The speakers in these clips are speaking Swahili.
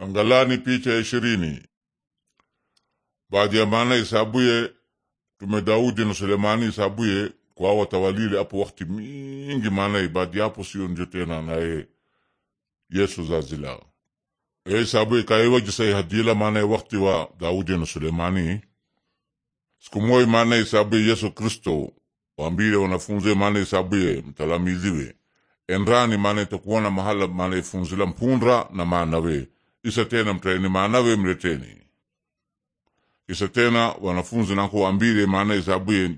Angalani picha ya ishirini. baadhi ya maana isabuye tume Daudi na Sulemani isabuye kwa watawalile apo wakati mingi maana baada ya hapo sio ndio tena naye Yesu zazila e isabuye kaiwajisai hadila maana wakati wa Daudi na Sulemani siku moja maana isabuye Yesu Kristo waambile wanafunze maana isabuye mtalamiziwe endrani maana itakuona mahala maana ifunzila mpundra na maana we isa tena maana manawe mreteni isa tena wanafunzi nankuwambile maana isabuye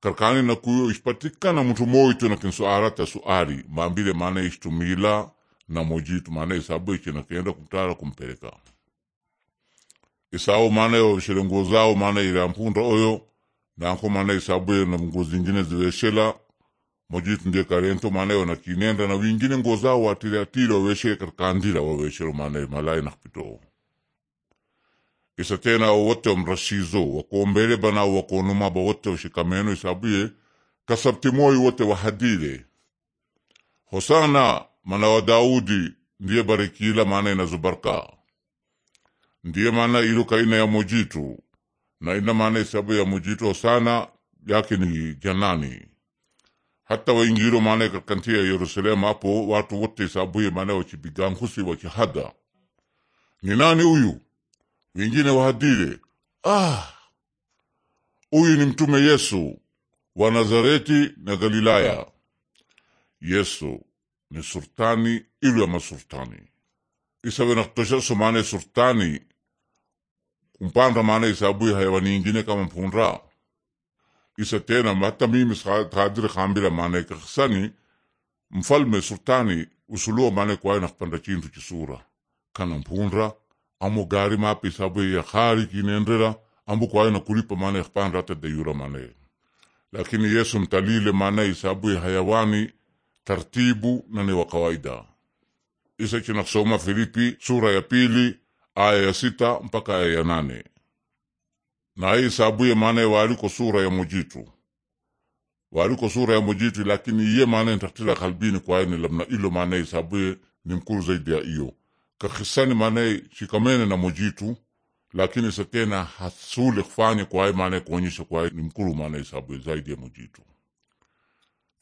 karkani nakuyo ispatikana mtu moitu kinsuara ta suari mambile maana ishtumila na mojitu maana isabuye kenda kumtara kumpeleka isao maana yo shilingo zao maana irampunda oyo nanko maana isabuye na nguo zingine ziweshela mojit ndekarento manaye wanakinenda na wingine nguo zao watiliatili waweshere katika ndira waweshero manaye malai nakpito isa tena ao wote wamrashizo wakombele banao ba wote washikameno isabuye kasabtimoyi wote wahadile hosana mana wa daudi ndiye barikila manaye zubarka ndiye mana iluka ina ya mojitu na ina mana isabu ya mojitu hosana yake ni janani hata waingiro maana ikakantia ya Yerusalemu hapo watu wote isabuye maana wachibigangusi wachihada ni nani huyu wengine wahadire ah huyu ni mtume Yesu wa Nazareti na Galilaya Yesu ni sultani ilu ya masultani isawenakutoshaso maana sultani kumpanda maana isabuye hayawani ingine kama mpundra Isatena matamimi kadiri kambila mane kisani mfalme sultani usulua mane wae nakupanda chintu chisura kana mpunra amo gari mapi sabu ya khari kinendera ambu kwae nakulipa manake panda hata dayura mane lakini Yesu mtalile mane isabu ya hayawani tartibu na ni wa kawaida isa chinasoma Filipi sura ya pili aya ya sita mpaka aya ya nane nayi sabuye manaye waliko sura ya mujitu waliko sura ya mujitu lakini iye maana ntatila kalbini ni lamna ilo manaye sabuye ni mkuru zaidi ya iyo kakhisani maana shikamene na mujitu lakini satena kufanya kufanye hii maana kuonyesha kwa ni mkuru manaye sabuye zaidi ya mujitu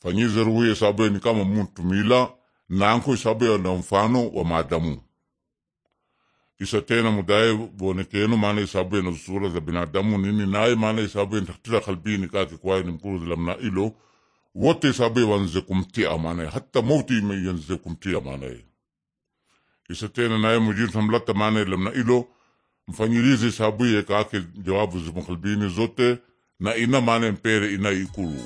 fanyize ruhuye sabuye ni kama mtu mila nanko sabuye na mfano wa maadamu isa tena mudaye vonekenu maana isabu yena sura za binadamu nini naye maana isabu yentatila kalbini kake kwaye ni mkuru zilamna ilo wote isabu yawanze kumtia maanaye hata mauti yanze kumtia maanaye isa tena naye mujiru tamlata maanaye lamna ilo mfanyirizi isabu ye kake jawabu kalbini zote na ina maana mpere ina ikulu